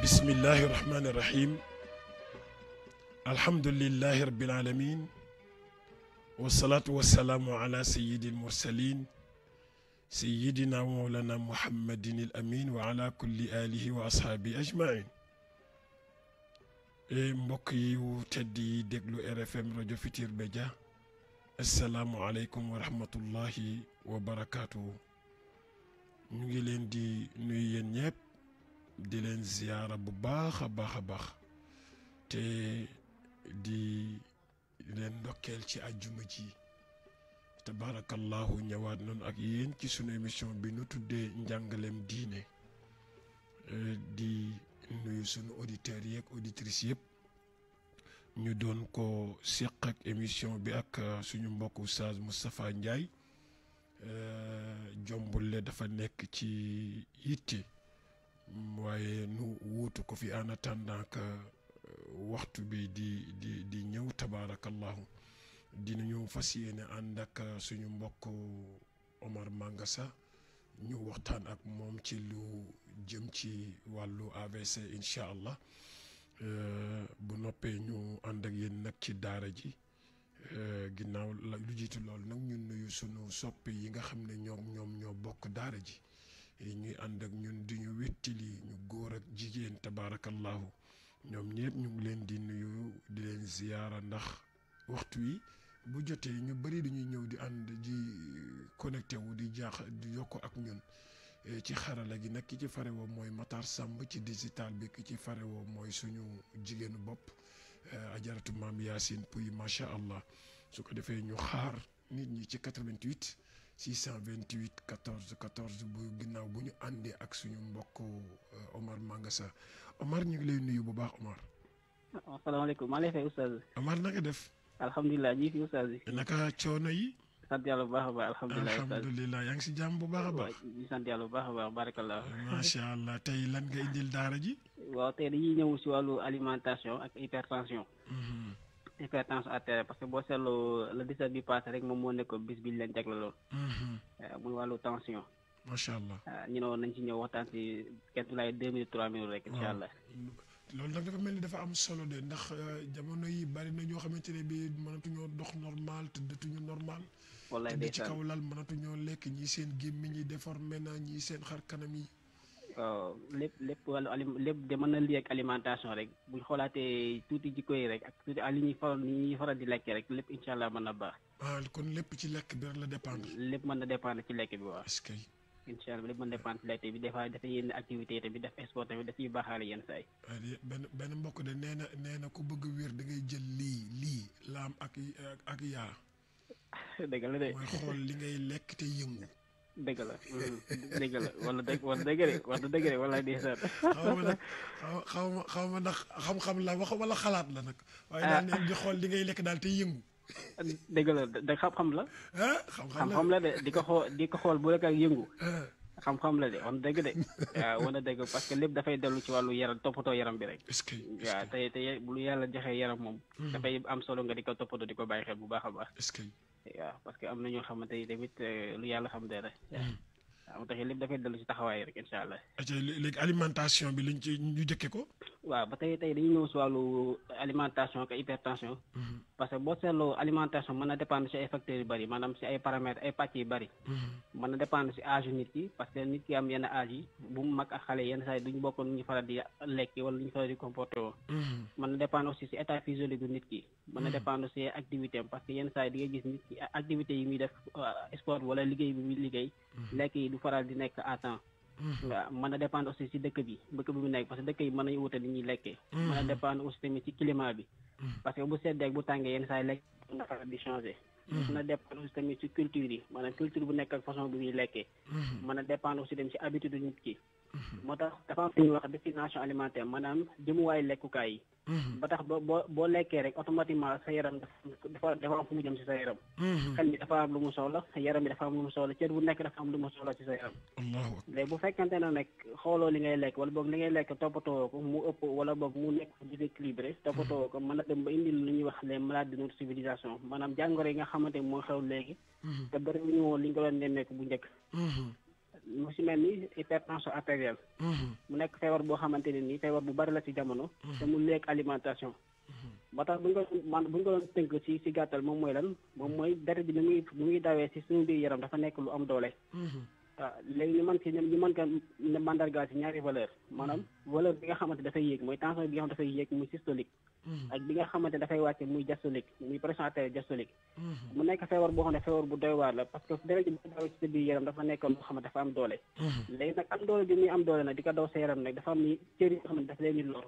بسم الله الرحمن الرحيم الحمد لله رب العالمين والصلاة والسلام على سيد المرسلين سيدنا ومولانا محمد الأمين وعلى كل آله وأصحابه أجمعين مكي وتدي wu tedd yi déglu RFM السلام عليكم ورحمة الله وبركاته rahmatullahi wa barakaatu ñu di leen ziyaara bu baax a baax a baax te di leen ndokkeel ci àjjuma ji tabaarakallaahu ñëwaat noonu ak yéen ci suñu émission bi nu tuddee njàngaleem diine euh, di nuyu sunu auditeurs yi auditrices yëpp ñu doon ko seq ak émission bi ak euh, suñu mbokku Oustaz Moustapha Ndiaye euh, jombule dafa nekk ci yitte. waaye nu wuutu ko fi en attendant que euh, waxtu bi di di di ñëw dina dinañu fas yéene ànd ak euh, suñu mbokk Omar Mangassa ñu waxtaan ak moom ci lu jëm ci wàllu AVC incha allah euh, bu noppee ñu ànd ak yéen nag ci daara ji ginnaaw lu jiitu lool nag ñu nuyu suñu soppi yi nga xam ne ñoom ñoom ñoo bokk daara ji yi ñuy ànd ak ñun di ñu wéttili ñu góor ak jigéen tabaarakallahu ñoom ñëpp ñu ngi leen di nuyu di leen ziyaara ndax waxtu wi bu jotee ñu bëri dañuy ñëw di ànd di connecté wu di jaax di yokk ak ñun eh, ci xarala gi nag ki ci farewoo mooy Matar Samb ci digital bi ki ci farewoo mooy suñu jigéenu bopp eh, ajaratu maam Yacine Pouy macha allah su ko defee ñu xaar nit ñi ci 88. 628 14 14 bu ginnaaw bu ñu àndee ak suñu mbokk euh, Omar Mangassa Omar ñu ngi lay nuyu bu baax Omar. waaw ah, asalaamaaleykum ma lay fay oustaz. Omar naka def. alhamdulilah ñii fi oustaz yi. a coono yi. sant yàlla bu baax a baax alhamdulilah alhamdulilah yaa ngi si jàmm bu baax a baax. waaw sant bu baax a baax barakallah. macha allah tey lan nga indil daara ji. waaw tey dañuy ñëw si wàllu alimentation ak hypertension. Mhm. hypertension artérielle parce que boo seetloo le 17 bi passé rek moom moo nekk bis bi ñu leen jagle lool. Mm-hmm. Euh, muy wàllu tension. macha allah euh, ñu ne woon nañ ci ñëw waxtaan si kenn laay deux minutes trois minutes rek. incha allah loolu nag dafa mel ni dafa am solo de ndax euh, jamono yi bari na ñoo xamante ne mënatuñoo dox normal tëddatuñu normal. tëdd ci kaw lal mënatuñoo lekk ñii seen gémmiñ yi déformé na ñii seen xar kanam yi. Euh, lépp lépp wàllu mën na lii ak alimentation rek buñ xoolaatee tuuti jikko yi rek ak li ñuy faral di lekk rek lépp incha allah mën na baax. waaw kon lépp ci lekk bi rek la dépendre. lépp mën na dépendre ci lekk bi waaw. est-ce que. incha allah lépp mën na dépendre ci lekk bi des fois dafa yenn activité tamit def sport tamit daf ñuy baaxaale yenn saa benn mbokk de nee na nee bëgg wér da ngay jël lii lii laam ak yaa. dëgg la de. mooy xool li ngay lekk te yëngu. dëgg la dëgg la wala dëgg wala dëgg rek wala dëgg rek wala di sax. xaw ma nag xaw xam-xam la wax xalaat la nag. waaye daal ne ah. di xool li ngay lekk daal te yëngu. dëgg la da ah, xam-xam la. xam-xam la de di ko xool di ko xool bu rek ak yëngu. Ah. xam-xam la de wan dëgg de waaw wan a dëgg parce que lépp dafay dellu ci wàllu yaram toppatoo yaram bi rek waaw te te bu yàlla joxee yaram moom hmm. dafay am solo nga di ko toppatoo di ko bàyyi xel bu baax a baax waaw parce que am na ñoo xamante ni tamit eh, lu yàlla xam de la. Hmm. waaw tax lépp dafay dellu si taxawaay rek incha allah. Ah, alimentation bi lañ ñu jëkke ko. waaw ba tey tey dañuy ñëw si wàllu alimentation ak hypertension. Hmm. parce que boo seetloo alimentation mën na dépendre si ay yu hmm. nit ki parce que nit ki am yenn âge yi bu mag ak xale yenn saa yi duñ bokk nu faral di lekk wala lu faral di comporté mën na dépendre aussi si état physiologique nit ki. man na hmm. dépendre si activité am parce que yenn saa yi di nga gis nit ki activité yi muy def euh, sport wala liggéey bi muy liggéey hmm. lekk yi du faral di nekk à temps hmm. waaw mën na dépendre aussi si dëkk bi dëkk bi mu nekk parce que dëkk yi mën nañu wuute li ñuy lekkee mën na dépendre aussi tamit ci climat bi parce que bu seddee bu tàngee yenn saa yi lekk na faral di changé aussi tamit ci culture yi maanaam culture bu nekk ak façon bi muy lekkee mën na dépendre aussi tamit si habitude nit ki Mm-hmm. moo tax dafa am fi ñuy wax destination alimentaire maanaam jëmuwaay lekkukaay yi. Mm-hmm. ba tax boo boo boo lekkee rek automatiquement sa yaram dafa dafa am fu mu jëm si sa yaram. Mm-hmm. xel bi dafa am lu mu soxla yaram bi dafa am lu mu soxla cër bu nekk dafa am lu mu soxla si sa yaram. léegi bu fekkente ne nag xooloo li ngay lekk wala boog li ngay lekk toppatoo ko mu ëpp wala boog mu nekk déséquilibré toppatoo ko mën a dem ba indi lu ñuy wax les maladies de notre civilisation maanaam jàngoro yi nga xamante ni moo xew léegi. te bëri woon li ñu ko doon bu njëkk. lu si mel ni hypertension artérielle mm-hmm. mu nekk feebar boo xamante ne nii feebar bu bari la ci jamono mm-hmm. te mu lekk alimentation mm-hmm. ba tax bu ñu ko man bu ñu ko doon tënk si si gàttal moom mooy lan moom mooy deret bi ni muy ni dawee si suñu biir yaram dafa nekk lu am doole waaw léegi ñu mën si ñu mën ko mandargaal si ñaari valeur maanaam valeur bi nga xamante dafay yéeg mooy tension bi nga xam dafay yéeg muy systolique Mm-hmm. ak bi nga xamante dafay wàcce muy diastolique muy pression artérielle diastolique mm-hmm. mu nekk feebar boo xam ne feebar bu doy waar la parce que deret ji bu dawee ci dafa nekk loo xam dafa am doole mm-hmm. léegi nag am doole bi am doole nag di ko daw sa yaram nag dafa am nga xam dafa leen di lor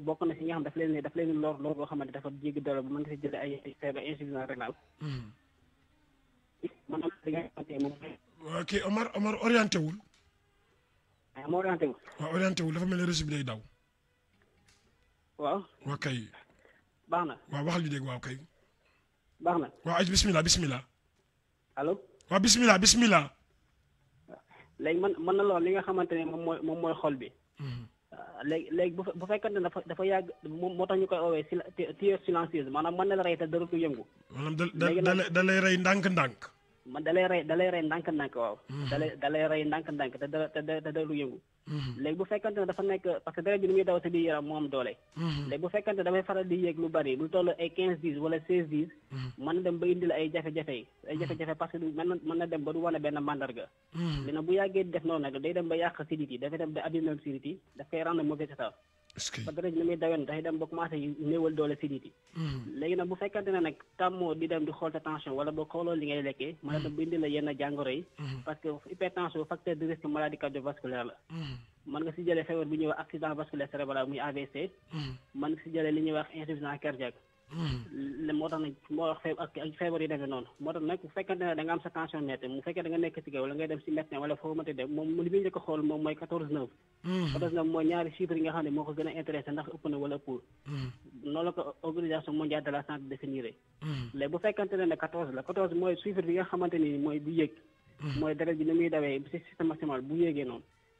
bokk na si nga xam ne dafa leen dafa leen di lor boo xam ne dafa jéggi doole bu mën nga si jële ay feebar insuffisance rénale maanaam li nga xamante moom ok Omar ah, Omar orienté wul waaw orienté wul waaw orienté dafa mel ni régime lay daw waaw. waaw baax na waaw waxal ñu dégg waaw kay. baax na waaw ay bisimilah bisimilah. allo. waaw bisimilah bisimilah. léegi man mën na lool li nga xamante ne moom mooy moom mooy xol bi. Hmm. Ah, léegi léegi bu fe bu fekkante ne dafa dafa yàgg moo tax ñu koy oowee si la silencieuse maanaam mën na la rey te da du yëngu. léegi da da lay rey ndànk-ndànk. dalay ray dalay ray ndank ndank waaw dalay dalay ray ndank ndank te da da da lu yëngu léegi bu fekkante ne dafa nekk parce que dara ñu ngi dawte di yaram mu am doole léegi bu fekkante damay faral di yegg lu bari bu toll ay 15 10 wala 16 10 man dem ba indil ay jafé jafé ay jafé jafé parce que man man na dem ba du wone benn mandarga dina bu yàggee def noonu nag day dem ba yàq sidity dafa dem ba abîmer sidity daf koy rendre mauvais état ba dërëj li muy dayoon day dem ba commencé néewal doole si nit hmm. léegi nag bu fekkante ne nag tàmmoo di dem di xool sa tension wala ba xooloo li ngay lekkee mën na hmm. bindi la yenn jàngoro yi hmm. parce que hypertension facteur de risque maladie cardiovasculaire la mën nga si jëlee feebar bu ñuy wax accident vasculaire cérébral muy AVC mën si jëlee li ñuy wax insuffisance cardiaque ne moo tax nag moo wax feeb ak feebar yi demee noonu moo tax nag bu fekkente ne da nga am sa tension métti mu fekkee da nga nekk ci kaw la a hmm. mooy ñaari chiffres nga xam ne moo ko gën a intéressé ndax ëpp na wala ëppul hmm. noonu la ko organisation mondiale de la santé définir hmm. bu fekkente ne ne quatorze la quatorze mooy chiffre bi nga xamante ni mooy bu yéeg mooy deret bi ni muy dawee si système maximal bu yéegee noonu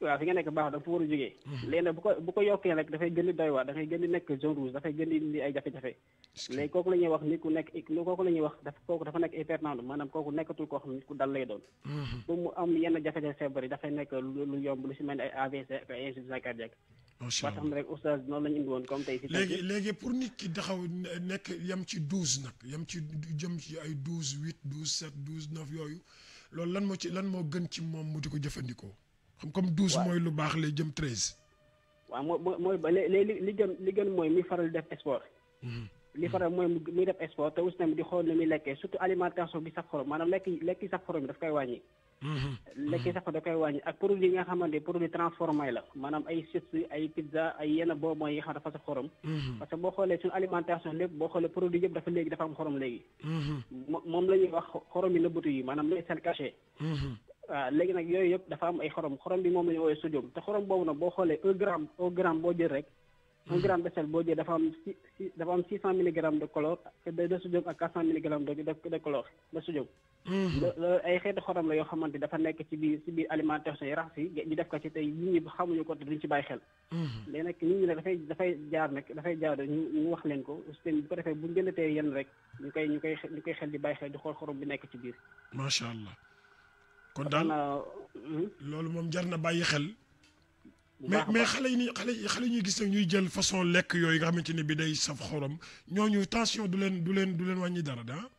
waaw fi nga nekk baax dafa war a jógee mhm. léegi bu ko bu ko yokkee nag dafay gën di doy waar dafay gën di nekk zone rouge dafay gën di indi ay jafe-jafe léegi kooku la ñuy wax nit ku nekk la ñuy wax dafa kooku dafa nekk hypertendu maanaam kooku nekkatul koo xam nit ku dal lay doon mhm. bu mu am yenn jafe dafay nekk lu yomb lu si mel ni ay AVC ak ay insuffisance cardiaque macha allah ba tax na rek oustaz noonu la ñu indi woon comme tey si léegi léegi pour nit ki taxaw nekk ci douze nag jëm ci ay douze huit douze sept yooyu loolu lan moo ci lan moo gën ci moom mu di ko jëfandikoo xam comme douze mooy lu baax lay jëm treize. waaw mooy mooy ba léegi li gën faral def sport. Mhm. li faral mooy muy def sport te aussi tamit di xool lekkee surtout alimentation bi sax xorom maanaam lekk lekk daf koy wàññi. Mhm. lekk sax da koy wàññi ak produit yi nga xamante produit transformé maanaam ay chips ay pizza ay yenn boobu mooy yi nga xam dafa sax xorom. Mhm. parce xoolee suñu alimentation lépp boo xoolee produit yëpp dafa léegi dafa am xorom moom la ñuy wax xorom yi nëbbatu yi maanaam lay seen cachet. waaw euh, léegi nag yooyu yëpp dafa am ay xorom xorom bi moom la ñu woowee te xorom boobu nag boo xoolee un gramme au gramme boo jël rek hmm. un gramme de sel boo jël dafa am si si dafa de de de sodium ak quatre cent milligrammes de de color de sodium. Hmm. loolu ay xeetu xorom la yoo xamante dafa nekk ci biir ci biir alimentation yi ñu def ko ci tey nit xamuñu ko te duñ bàyyi xel. Hmm. nag nit ñi nag dafay dafay jaar nag dafay jaar ñu wax leen ko seen bu ko defee bu ñu jëndatee yenn rek ñu koy ñu koy ñu koy xel di bàyyi xel di xool xorom bi nekk ci biir. macha allah. kon daal hmm? loolu moom jar na bàyyi xel. mais mais xale yi ni xale yi xale ñuy gis nag ñuy jël façon lekk yooyu nga xamante ne bi day saf xorom ñoo ñooñu tension du leen du leen du leen wàññi dara daa. Ah.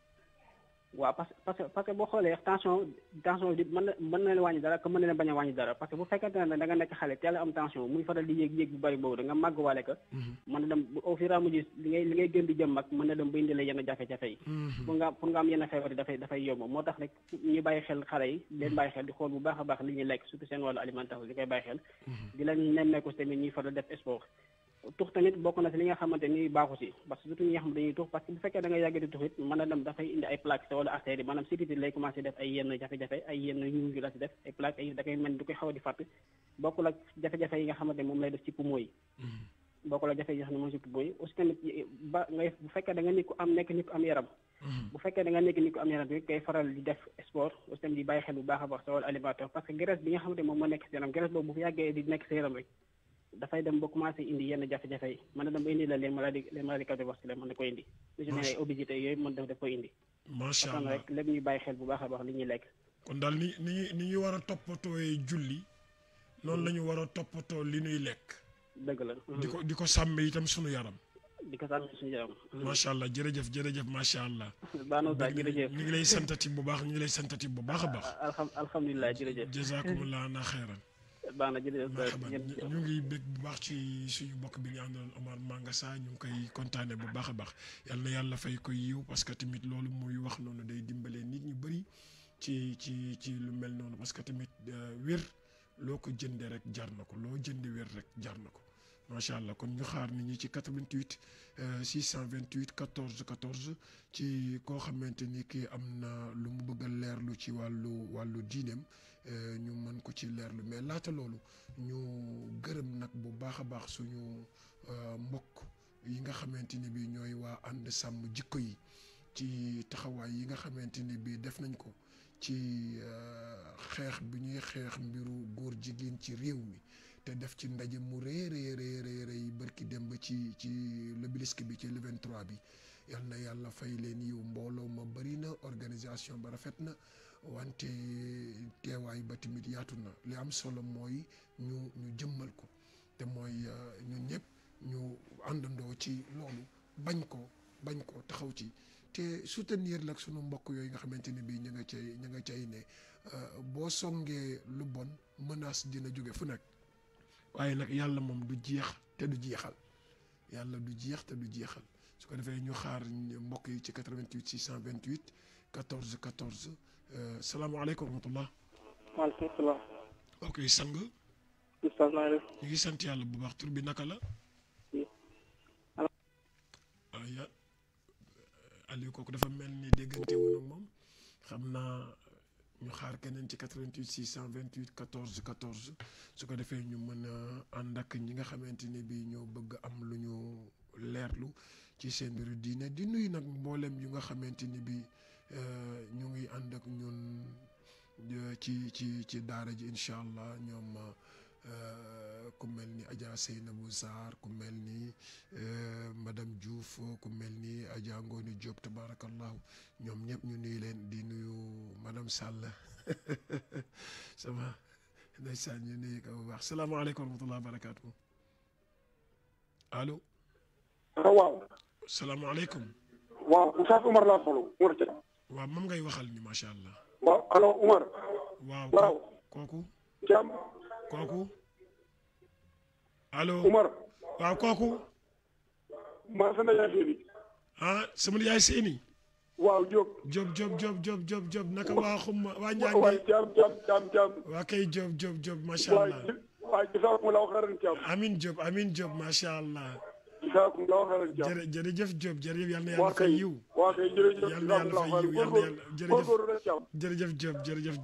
waaw parce parce parce que boo xoolee ya, tension tension di mën na leen wàññi dara que mën na leen bañ a wàññi dara parce que bu fekkente ne da nga nekk xale teel am tension muy faral di yéeg yéeg bu bëri boobu da nga màgguwaale ka. mën na dem au fur et à mesure li ngay li ngay gën di jëm ak mën na dem ba indi la yenn jafe-jafe yi. pour nga pour nga am yenn feebar yi dafay dafay yomb moo tax rek ñu bàyyi xel xale yi. leen bàyyi xel di xool bu baax a baax li ñuy lekk surtout seen wàllu alimentation li koy xel. di leen nemmeeku tamit ñuy faral def sport tux tamit bokk na si li nga xamante ni baaxu si parce eh, que surtout ñi nga xam dañuy tux parce que bu fekkee da nga yàgg di tuxit mën a dem dafay indi ay plaque si wala affaire yi maanaam si tuuti lay commencé def ay yenn jafe-jafe ay yenn ñu ngi la si def ay plaque ay da ngay mel di koy xaw di fàtte bokk la jafe-jafe yi nga xamante moom lay def ci poumon yi. bokk la jafe-jafe ni moom si poumon yi aussi tamit ba nga bu fekkee da nga nekk am nekk nit ku am yaram. bu fekkee da nga nekk nit ku am yaram rek kay faral di def sport aussi tamit di bàyyi xel bu baax a baax sa wala alimentaire parce que graisse bi nga xamante moom moo nekk si yaram graisse boobu bu yàggee di nekk sa yaram rek. dafay dem ba commencé indi yenn jafe-jafe yi mën na dem ba indi la les maladies les maladies cardiovasculaires mën na ko indi. lu ci mel obésité yooyu mën def koy indi. macha allah rek ñuy bàyyi xel bu baax a baax li ñuy lekk. kon daal ni ni ni ñu war a toppatoo toppatooyee julli noonu la ñu war a toppatoo li nuy lekk. dëgg la. di ko di ko sàmm itam sunu yaram. di ko sàmm suñu yaram. macha allah jërëjëf jërëjëf macha allah. baanu saa jërëjëf ñu ngi lay santati bu baax ñu ngi lay santati bu baax a baax. alhamdulilah jërëjëf. jazakumullah na xeeran baax na jërëjëf ñu ngi bég bu baax ci suñu mbokk bi ñu àndoon Omar Mangassa ñu ngi koy kontaane bu baax a baax yal na yàlla fay ko yiw parce que tamit loolu muy wax noonu day dimbalee nit ñu bëri ci ci ci lu mel noonu parce que tamit euh, wér loo ko jëndee rek jar ko loo jëndee rek jar ko macha allah kon ñu xaar nit ñi ci 88 628 14 14 ci koo xamante ni kii am na lu mu bëgg a leerlu ci wàllu wàllu diineem. Euh, ñu mën ko ci leerlu mais laata loolu ñu gërëm nag bu baax a baax suñu euh, mbokk yi nga xamante ni bi ñooy waa ànd sàmm jikko yi ci taxawaay yi nga xamante ni bi def nañ ko ci euh, xeex bi ñuy xeex mbiru góor jigéen ci réew mi te def ci ndaje mu rëy rëy rëy rëy bërki dem ba ci ci Lebesque bi ci le 23 bi yal na yàlla fay leen yiw mbooloo ma bari na organisation ba rafet na wante teewaay ba tamit yaatu na li am solo mooy ñu ñu jëmmal ko te mooy euh, ñun ñëpp ñu àndandoo ci loolu bañ ko bañ ko taxaw ci te soutenir lak sunu mbokk yooyu nga xamante ne bii ñu nga cay ñu nga cay ne euh, boo songee lu bon menace dina jóge fu nekk waaye nag yàlla moom du jeex te du jeexal yàlla du jeex te du jeexal su ko defee ñu xaar mbokk yi ci 88 628 14 14. Euh, salaamaaleykum wa rahmatulah. maaleykum ok sang. oustaz ñu ngi sant yàlla bu baax tur bi naka la. Ah, ya euh, Aliou kooku dafa mel ni déggante woon moom xam naa ñu xaar keneen ci 88 628 14 14 su ko defee ñu mën a ànd ak ñi nga xamante ni bii ñoo bëgg am lu ñu leerlu ci seen mbiru diine di nuyu nag mbooleem yu nga xamante ni bii. Euh, ñu ngi ànd ak ñun euh, ci ci ci daara ji incha allah ñoom euh, ku mel ni Adja Seynabou Sarr ku mel ni madame juuf ku mel ni Adja Ngoni Diop tabarakallahu ñoom ñëpp ñu nuyu leen di nuyu madame sàll sama ndeysaan ñu nuyu ko baax salaamaaleykum wa rahmatulah waaw. salaamaaleykum. waaw Oustaz Oumar laa waaw moom ngay waxal ni macha allah. waaw allo Umar. waaw waaw kooku. Thiam. kooku. allo Umar. waaw kooku. maa sa yaay seeni. ah sama yaay seeni. waaw Diop. Diop Diop Diop Diop naka waa xuma waa Njaañ. waay Thiam Thiam waa kay Diop Diop Diop macha allah. waay waay gisaa mu la allah. isaakum laahu xayran jazaak jërëjëf Diop jërëjëf yal na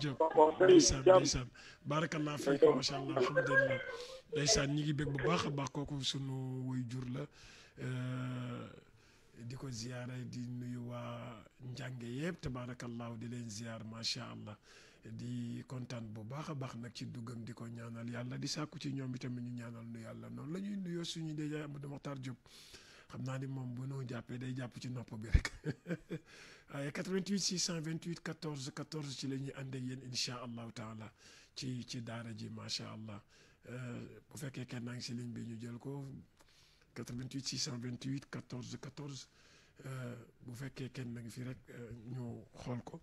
yàlla fay barakallah fiikum macha allah alhamdulilah ndeysaan ñi ngi bég bu baax a baax kooku sunu woy jur la euh, di ko ziyaara di nuyu waa njànge yëpp di leen ziyaar macha allah di kontaan bu baax a baax nag ci duggam di ko ñaanal yàlla di sàkku ci ñoom itamit ñu ñaanal nu yàlla noonu la ñuy nuyoo suñu déjà Amadou Mokhtar Diop xam naa ni moom bu ñu jàppee day jàpp ci nopp bi rek waaye 88 628 14 14 ci la ñuy ànd ak yéen incha allahu taala ci ci daara ji macha allah euh, bu fekkee kenn naa ngi si ligne bi ñu jël ko 88 628 14 14 bu fekkee kenn na ngi fi rek euh, ñu xool ko.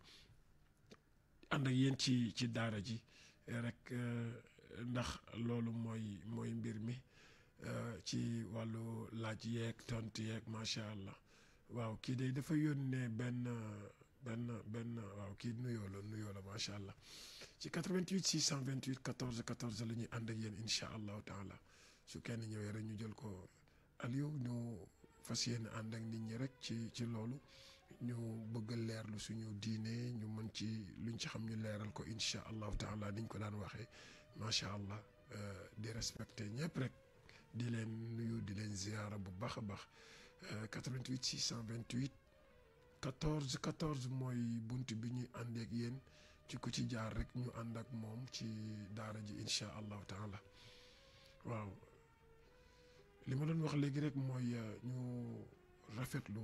ànd ak yéen ci ci daara ji eh, rek eh, ndax loolu mooy mooy mbir mi eh, ci wàllu laaj yeeg tontu yeeg macha allah waaw kii de dafa yónnee benn benn benn waaw kii nuyoo la nuyoo la macha allah ci 88 628 14 14 la ñuy ànd ak yéen incha allahu taala su kenn ñëwee rek ñu jël ko Aliou ñu fas yéene ànd ak nit ñi rek ci ci loolu. ñu bëgg leerlu suñu diine ñu mën ci luñ ci xam ñu leeral ko incha allahu taala niñ ko daan waxee macha allah euh, di respecté ñëpp rek di leen nuyu di leen ziyaara bu baax a baax 88 628 14 14 mooy bunt bi ñuy àndeek yéen ci ku ci jaar rek ñu ànd ak moom ci daara ji incha allahu taala waaw li ma doon wax léegi rek mooy euh, ñu rafetlu.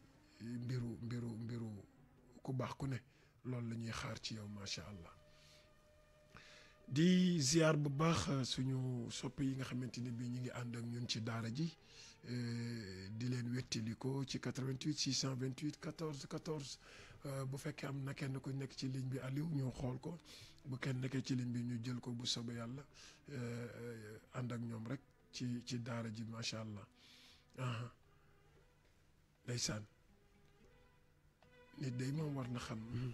mbiru mbiru mbiru ku baax ku ne loolu la ñuy xaar ci yow macha allah di ziar bu baax euh, suñu sopp yi nga xamante ni bii ñu ngi ànd ak ñun ci daara ji euh, di leen wettali ko ci vingt 628 14 14 bu fekkee am na kenn ku nekk ci ligne bi Aliou ñu xool ko bu kenn nekkee ci ligne bi ñu jël ko bu soobee yàlla euh, ànd ak ñoom rek ci ci daara ji macha allah ndeysaan nit day moom war na xam mm-hmm.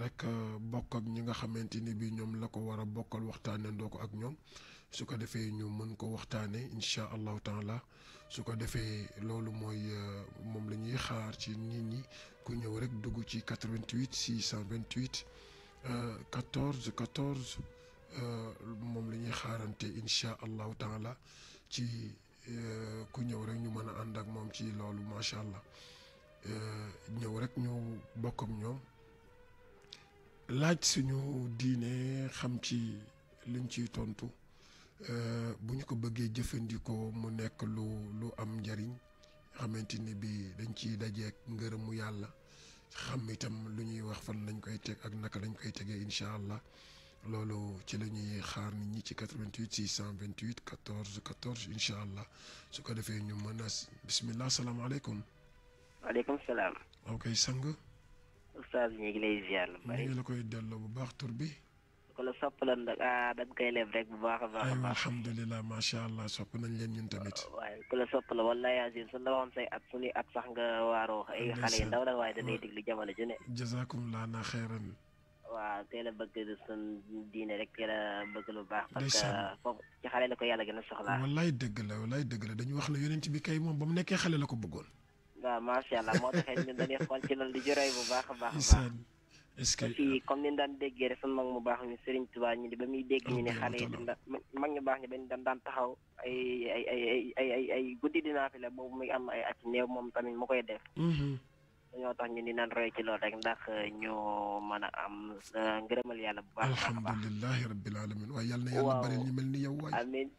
rek euh, bokk ak ñi nga xamante ni bi ñoom la ko war a bokkal waxtaanandoo ko ak ñoom su ko defee ñu mën ko waxtaane incha allahu taala su ko defee loolu mooy euh, moom la ñuy xaar ci nit ñi ku ñëw rek dugg ci 88 628 14 14 moom la ñuy xaarante incha allahu taala ci euh, ku ñëw rek ñu mën a ànd ak moom ci loolu macha allah ñëw rek ñu bokk ñoom. laaj suñu diine xam ci liñ ciy tontu euh, bu ñu ko bëggee jëfandikoo mu nekk lu lu am njariñ xamante ni bi dañ ciy dajeeg ngërëmu yàlla xam itam lu ñuy wax fan lañ koy teg ak naka lañ koy tegee incha allah loolu ci la ñuy xaar nit ñi ci vingt 88 628 14 14 incha allah su ko defee ñu mën a bisimilah salaamaaleykum. waaleykum salaam. ok sang. oustaz ñu ngi lay ziar la koy delloo bu baax tur bi. ko la soppaloon nag ah da nga koy rek bu baax a baax. aywa alhamdulilah macha allah sopp nañ leen ñun tamit. waaye ku la soppala wallahi azim su la waxoon say at suñuy at sax nga waaroo. ay xale yu ndaw la waaye dañuy diglu jamono ju ne. jazakum laana xeeran. waaw teel a bëgg sun diine rek teel a bëgg lu baax. parce foofu ci xale la ko yàlla gën a soxlaa. wallaay dëgg la wallaay dëgg la dañu wax ne yonent bi kay moom ba mu nekkee xale waaw macha allah moo taxee ñun dañuy xool ci di joroy bu baax a a baax. est-ce que aussi comme ni ñu daan déggee rek sunu mag mu baax mi Serigne Touba ñu di ba muy dégg ñu ne xale yi dina mag ñu baax ñi dañ daan daan taxaw ay guddi dinaa fi la boobu muy am ay at néew moom tamit mu koy def. Mm-hmm. ñoo tax ñu ni naan roy ci loolu rek ndax euh, ñu mën a am euh, ngërëmal yàlla bu baax a baax. alhamdulilah rabbil alamin waaye yàlla na yàlla bari ñu mel ni yow waay. amiin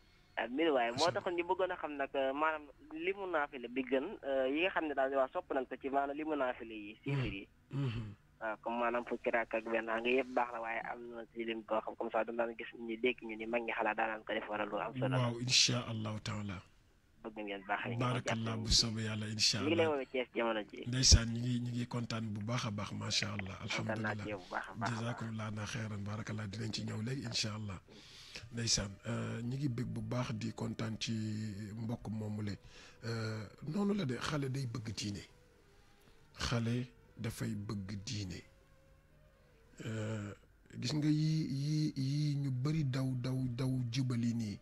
biir waaye moo taxoon ñu bëggoon a xam nag euh, maanaam limu naafile bi gën euh, yi nga xam ne daal di waa sopp nañ ko ci maanaam limu naafile yi mm-hmm. siifir yi mm-hmm. waaw comme maanaam fukki raak ak benn nga yëpp baax na waaye am na si lim koo xam comme ça daan gis ñu dégg ñu ni mag ñi xalaat daanaan ko def wala lu am solo insha allahu taala bëgg ngeen baax baarakallah bu soobee yàlla insha allah ngi ngi ñu bu baax a baax macha allah alhamdulilah jazakumullah na ndeysaan euh, ñi ngi bëgg bu baax di kontaan ci mbokk moomu le euh, noonu la de xale day bëgg diine xale dafay bëgg diine euh, gis nga yi yi yi ñu bari daw daw daw jubali nii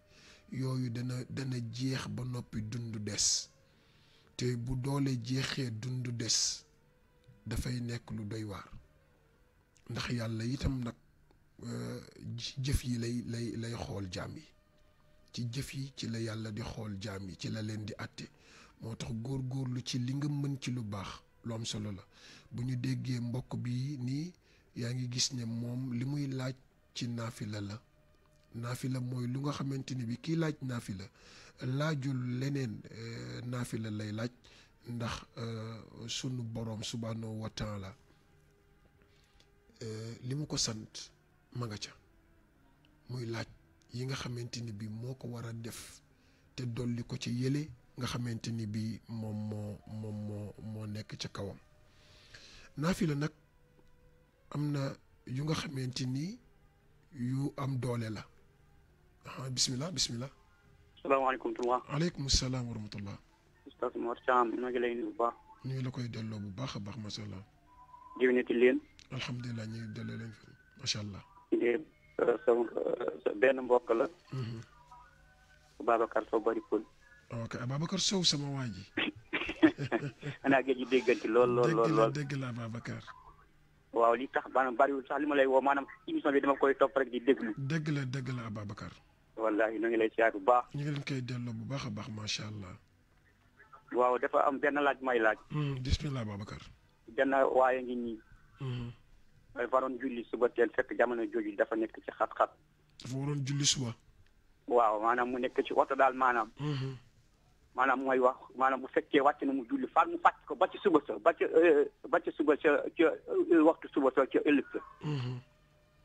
yooyu dana dana jeex ba noppi dund des te bu doole jeexee dundu des dafay nekk lu doy waar ndax yàlla itam nag jëf yi lay lay lay xool jaam yi ci jëf yi ci la yàlla di xool jaam yi ci la leen di àtte moo tax góor góorlu ci li nga mën ci lu baax lu am solo la bu ñu déggee mbokk bi nii yaa ngi gis ne moom li muy laaj ci naafi la la naafila mooy lu nga xamante ni bi kii laaj la laajul leneen naafi eh, naafila lay laaj ndax eh, sunu boroom subhaanahu wa taala eh, li mu ko sant ma nga ca muy laaj yi nga xamante ni bii moo ko war a def te dolli ko ci yële nga xamante ni bii moom moo moom moo moo nekk ca kawam naafila nag am na yu nga xamante ni yu am doole la ah bisimilah bisimilah. salaamaaleykum tulla. aleykum salaam wa rahmatullah. Oustaz Mor Thiam maa ngi lay nuyu bu baax. ñu ngi la koy delloo bu baax a baax macha allah. jëwinati leen. alhamdulilah ñu ngi delloo leen macha allah. de euh, sama euh, benn mbokk la. Mhm. Babacar Sow bari pël. ok Babacar Sow sama waa ji. xanaa géej gi dégganti lool lool lool lool dégg la Babacar. waaw li tax maanaam bariwul sax li ma lay woo maanaam émission bi dama koy topp rek di déglu. dégg la dégg la Babacar. wallahi ñu ngi lay siyaar bu baax. ñu ngi leen koy delloo bu baax a baax macha allah. waaw dafa am benn laaj may laaj. Mm, bisimilah Babacar. benn waaye ngi nii. Mm-hmm. waroon julli suba teel fekk jamono jooju dafa nekk ci xat-xat. dafa waroon julli suba. waaw maanaam mu nekk ci oto daal maanaam. maanaam mooy wax maanaam bu fekkee wàcc na mu julli faal mu fàcc ko ba ci suba sa ba ci ba ci suba sa ca waxtu suba sa ca ëllëg sa.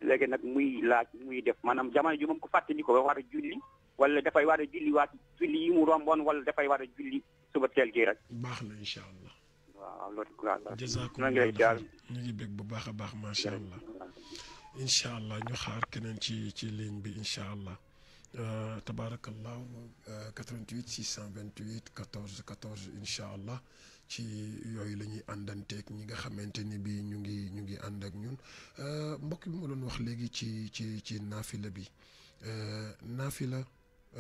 léegi nag muy laaj muy def maanaam jamono ji moom ko fàttali ko ba war a julli wala dafay war a julli waat julli yi mu romboon wala dafay war a julli suba teel gi rek. baax na incha allah. waaw loolu la. jazakumullah ñu ngi bég bu baax a baax macha allah. incha allah ñu xaar keneen ci ci ligne bi incha allah. tabaarakallahu 88 628 14 14 incha allah ci yooyu la ñuy àndanteeg ñi nga xamante ni bii ñu ngi ñu ngi ànd ak ñun euh, mbokk bi ma doon wax léegi ci ci ci naafila bi euh, naafila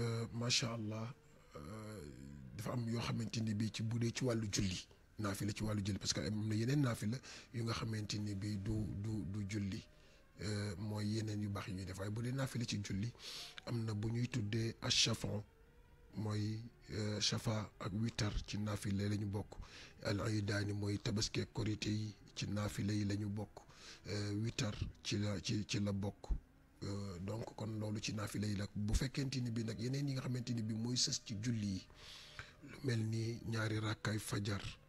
euh, macha allah dafa am yoo xamante ni bii ci bu dee ci wàllu julli. naafila ci wàllu julli parce que am na yeneen naafila yu nga xamante ni bii du du du julli euh, mooy yeneen yu baax yi ñuy def waaye bu dee naafila ci julli am na bu ñuy tuddee achafon mooy chafa euh, ak witar ci naafile la ñu bokk al idaani mooy tabaski korite yi ci naafile yi la bokk euh, witar ci ci ci la bokk donc kon loolu ci naafile yi la bu fekkente ni bi nag yeneen yi nga xamante ni bi mooy sës ci julli yi lu mel ni ñaari rakkaay fajar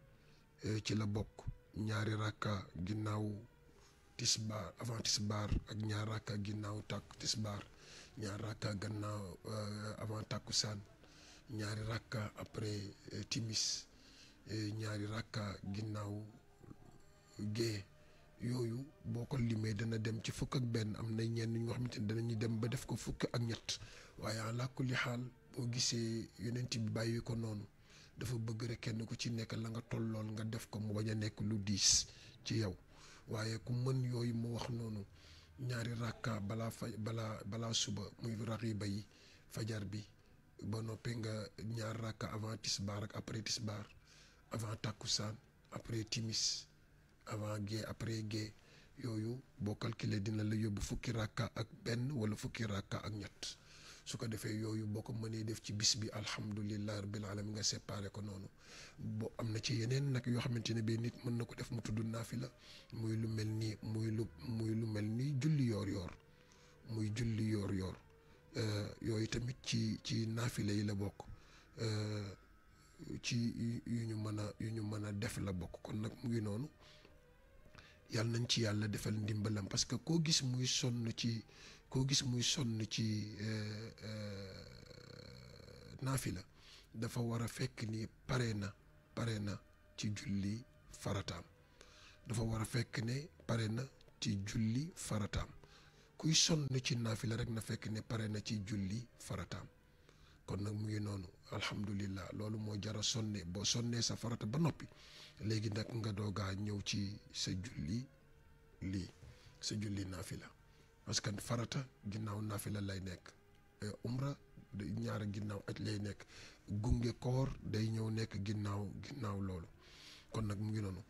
Eh, ci la bokk ñaari rakka ginnaaw tisbaar avant ak ñaari rakka ginnaaw tàkk tisbaar ñaari rakka gannaaw euh, avant saan ñaari rakka après euh, timis eh, ñaari rakka ginnaaw gée yooyu boo ko limee dana dem ci fukk ak benn am na ñenn ñoo xamante ne danañu dem ba def ko fukk ak ñett waaye àla kulli xaal boo gisee yonent bi bàyyi ko noonu dafa bëgg rek kenn ku ci nekk la nga tollool nga def ko mu bañ a nekk lu diis ci yow waaye ku mën yooyu mu wax noonu ñaari rakka balaa fa balaa balaa suba muy raxiba yi fajar bi ba noppee nga ñaari rakka avant tisbaar ak après tisbaar avant takkusaan après timis avant gée après gée yooyu boo calculer dina la yóbbu fukki rakka ak benn wala fukki rakka ak ñett su ko defee yooyu boo ko mënee def ci bis bi alhamdulilah rabbil alamin nga séparé ko noonu bo am na ci yeneen nag yoo xamante ne bii nit mën na ko def mu tudd naafila muy lu mel nii muy lu muy lu mel nii julli yoor-yoor muy julli yoor-yoor euh, yooyu tamit ci ci naafila yi la bokk euh, ci yu ñu mën a yu ñu mën a def la bokk kon nag mu ngi noonu. yàlla nañ ci yàlla defal ndimbalam parce que koo gis muy sonn ci koo gis muy sonn ci naafi euh, euh, naafila dafa war a fekk ni pare na pare na ci julli farataam dafa war a fekk ne pare na ci julli farataam kuy sonn ci naafila rek na fekk ne pare na ci julli farataam kon nag mu ngi noonu alhamdulillah loolu moo jar a sonne boo sonnee sa farata ba noppi léegi nag nga doogaa ñëw ci sa julli lii sa julli naafila parce que farata ginnaaw nafila lay nekk eh, umra ñaara ginnaaw aj lay nekk gunge koor day ñëw nekk ginnaaw ginnaaw loolu kon nag mu ngi noonu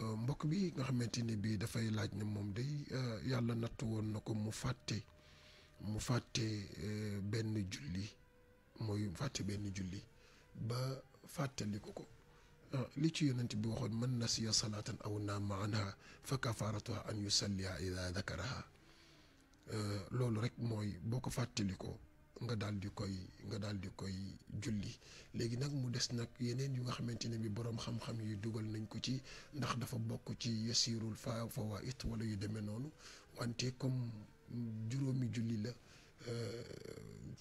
eh, mbokk bi nga xamante ni bii dafay laaj ne moom day eh, yàlla nattu woon na ko mu fàtte mu fàtte benn julli mooy fàtte benn julli ba fàttaliku ko li ci yonent bi waxoon man nasiya salaatan aw naama anha fa kafaratuha an yusalliha ida dakaraha Euh, loolu rek mooy boo ko fàttalikoo nga daal di koy nga daal di koy julli léegi nag mu des nag yeneen yu nga xamante ne bi boroom xam-xam yi dugal nañ ko ci ndax dafa bokk ci yasirul fa fawaait wala yu demee noonu wante comme juróomi julli la euh,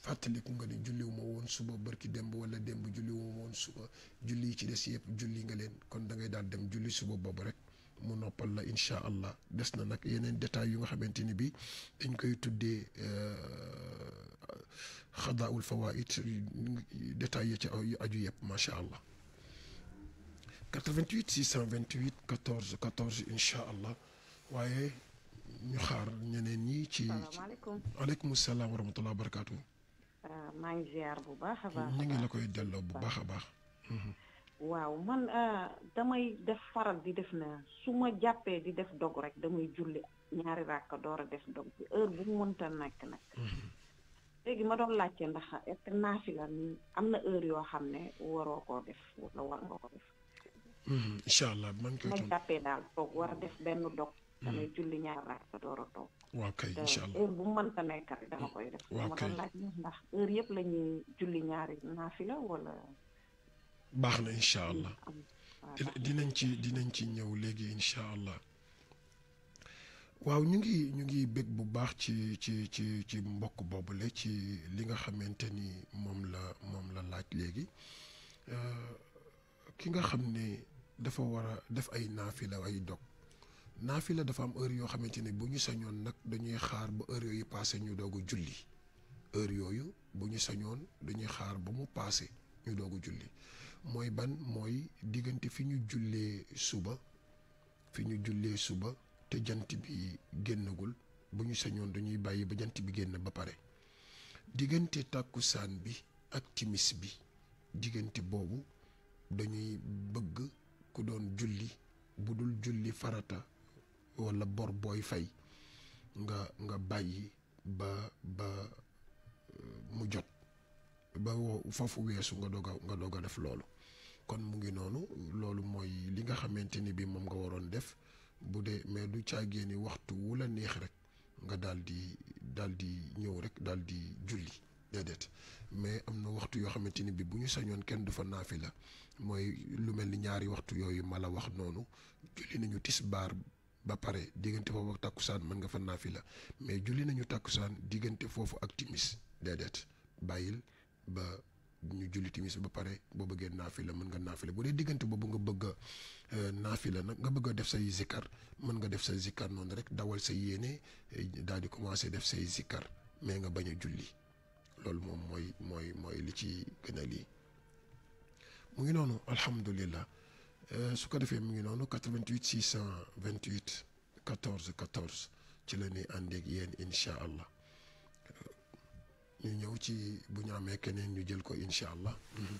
fàttaliku nga ni julliw ma woon suba barki démb wala démb julliw ma woon suba julli yi ci des yëpp julli nga leen kon da ngay daal dem julli suba boobu rek mu noppal la incha allah des na nag yeneen détails yu nga xamante ni bi dañ koy tuddee euh, xadaawul fawaid détails ya ci yu aju yëpp macha allah 88 628 14 14 incha allah waaye ñu xaar ñeneen ñi ci. salaamaaleykum aleykum salaam wa barakaatu. bu baax a baax. ñu ngi la koy delloo bu baax a baax. Mhm. waaw man euh, damay def faral di def na su ma jàppee di def dog rek damay julli ñaari ràkk door a def dog bi heure bu mu mënta nekk nag léegi ma doon laajte ndax est-ce que am na heure yoo xam ne waroo koo def wala ko def hmm, incha allah man koy daal toog war a def benn dog hmm. damay julli ñaari ràkk door a toog waaw kay incha allah heure bu mënta dama hmm. koy def ma laaj ndax heure yëpp la ñuy julli ñaari wala baax na incha allah dinañ ci dinañ ci ñëw léegi incha allah waaw ñu ngi ñu ngi bég bu baax ci ci ci ci mbokk boobule ci li nga xamante ni moom la moom la laaj léegi euh, ki nga xam ne dafa war a def ay naafila ay dog la dafa am heure yoo xamante ni bu ñu sañoon nag dañuy xaar ba heure yooyu passé ñu doog a julli heure yooyu bu ñu sañoon dañuy xaar ba mu passé ñu doog a julli mooy ban mooy diggante fi ñu jullee suba fi ñu jullee suba te jant bi génnagul bu ñu sañoon dañuy bàyyi ba jant bi génn ba pare diggante tàkkusaan bi ak timis bi diggante boobu dañuy bëgg ku doon julli bu dul julli farata walla bor booy fay nga nga bàyyi ba ba mu jot ba foofu weesu nga doog nga doog def loolu kon mu ngi noonu loolu mooy li nga xamante ni bi moom nga waroon def bu dee mais du caagee ni waxtu wu la neex rek nga daal di daal di ñëw rek daal di julli déedéet mais am na waxtu yoo xamante ni bi bu ñu sañoon kenn du fa naafi la mooy lu mel ni ñaari waxtu yooyu ma la wax noonu julli nañu baar ba pare diggante foofu ak tàkkusaan mën nga fa naafi la mais julli nañu tàkkusaan diggante foofu ak timis déedéet bàyyil ba ñu julli timis ba pare boo bëggee la mën nga naafila bu dee diggante boobu nga bëgg a euh, la nag nga bëgg a def say zikkar mën nga def say zikkar noonu rek dawal sa yéene euh, daal di commencé def say zikkar mais nga bañ a julli loolu moom mooy mooy mooy li ci gën a lii mu ngi noonu alhamdulillah euh, su ko defee mu ngi noonu 88 628 14 14 ci la ñuy àndeeg yéen incha allah ñu ñëw ci bu ñu amee keneen ñu jël ko incha allah. Mm-hmm.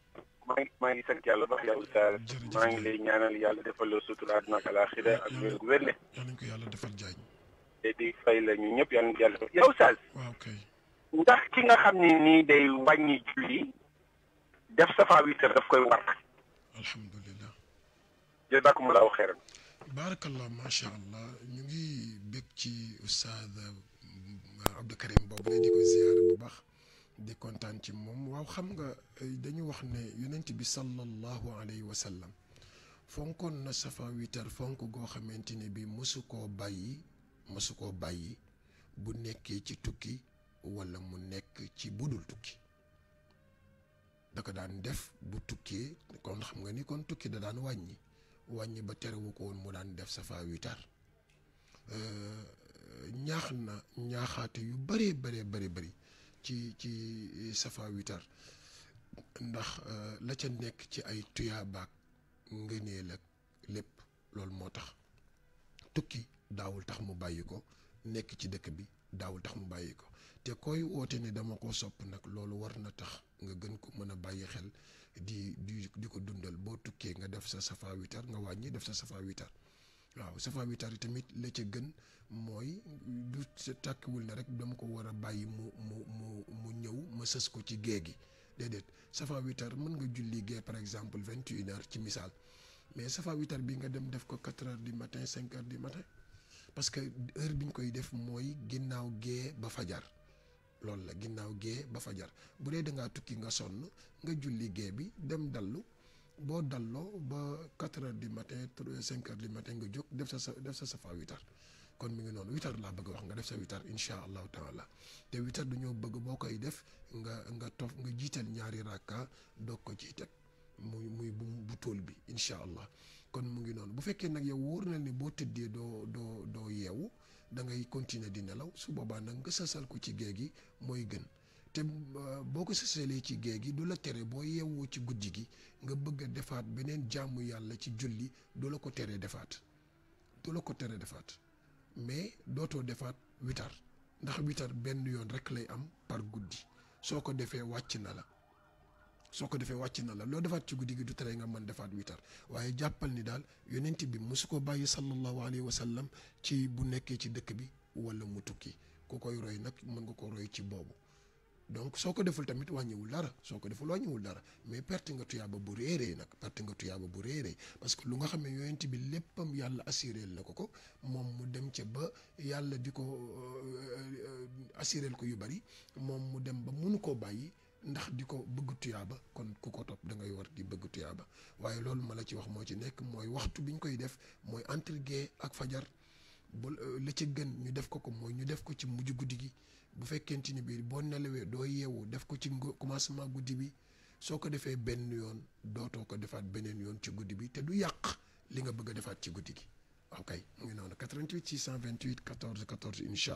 maa ngi maa ngi sant yàlla baax yow ñaanal yàlla defal la sutura àdduna ak alaaxira ak wér gu yàlla ko yàlla defal jaay. te di fay la ñu ñëpp yàlla yàlla yow Sarr. waaw kay. ndax ki nga xam ne day wàññi julli def safa witr daf koy war. alhamdulilah. jazakumullahu xeeran. baarakallah macha allah ñu ngi bég ci Oustaz Abdou Karim boobu di ko ziar bu baax. di kontaan ci moom waaw xam nga eh, dañu wax ne yonent bi sallallahu alayhi wa sallam fonkoon na safa witar fonk goo xamante ne bi mësu koo bàyyi mësu koo bàyyi bu nekkee ci tukki walla mu nekk ci budul tukki da daan def bu tukkee kon xam nga ni kon tukki da daan wàññi wàññi ba terewu ko woon mu daan def safa witar eh, ñaax na ñaaxaate yu bëree bëree bëri bëri ci ci euh, safa witar ndax euh, la ca nekk ci ay tuyaabaak ngëneel ak lépp loolu moo tax tukki daawul tax mu bàyyi ko nekk ci dëkk bi daawul tax mu bàyyi ko te koy woote ne dama ko sopp nag loolu war na tax nga gën ko mën a bàyyi xel di di ko dundal boo tukkee nga def sa safa witar nga wàññi def sa safa witar waaw safa witar yi tamit la ca gën mooy du sa tàkkiwul ne rek dama ko war a bàyyi mu mu mu mu ñëw ma sës ko ci gée gi déedéet safa witar mën nga julli gée par exemple vingt et une ci misaal mais safa witar bi nga dem def ko quatre heures du matin cinq heures du matin parce que heure bi ñu koy def mooy ginnaaw gée ba fa jar loolu la ginnaaw gée ba fa jar bu dee da ngaa tukki nga sonn nga julli gée bi dem dallu boo dalloo ba quatre heures du matin cinq heures du matin nga jóg def sa sa def sa safa witar kon mu ngi noonu witar laa bëgg wax nga def sa witar incha allahu taala te du ñoo bëgg boo koy def nga nga tof nga jiital ñaari rakka doog ko ciy teg muy muy bu bu tóol bi incha allah kon mu ngi noonu bu fekkee nag yow wóor na ni boo tëddee doo doo doo yeewu da ngay continuer di nelaw su boobaa nag nga sasal ko ci géej gi mooy gën. te euh, boo ko sësalee ci géej gi du la tere boo yeewoo ci guddi gi nga bëgg a defaat beneen jàmm yàlla ci julli du la ko teree defaat du la ko teree defaat mais dootoo defaat witar ndax witar benn yoon rek lay am par guddi soo ko defee wàcc na la soo ko defee wàcc na la loo defaat ci guddi gi du tere nga mën defaat witar waaye jàppal ni daal yonent bi mosu ko bàyyi sallallahu alayhi wa sallam ci bu nekkee ci dëkk bi wala mu tukki ku koy roy nag mën nga ko roy ci boobu. donc soo ko deful tamit wàññiwul dara soo ko deful wàññiwul dara mais perte nga tuyaaba bu réeréy nag perte nga tuyaaba bu réeréy parce que lu nga xam ne yonent bi léppam yàlla assuréel na ko ko moom mu dem ca ba yàlla di ko euh, euh, assuréel ko yu bari moom mu dem ba mënu koo bàyyi ndax di ko bëgg tuyaaba kon ku ko topp da di bëgg tuyaaba waaye loolu ma la ci wax moo ci nekk mooy waxtu bi ñu koy def mooy entre gée ak fajar ba euh, la ca gën ñu def ko ko mooy ñu def ko ci mujj guddi gi bu fekkente ni biir boo nelawee doo yeewu def ko ci commencement guddi bi soo ko defee benn yoon dootoo ko defaat beneen yoon ci guddi bi te du yàq li nga bëgg a defaat ci guddi gi waaw kay mu ngi noonu 88 628 14 14 incha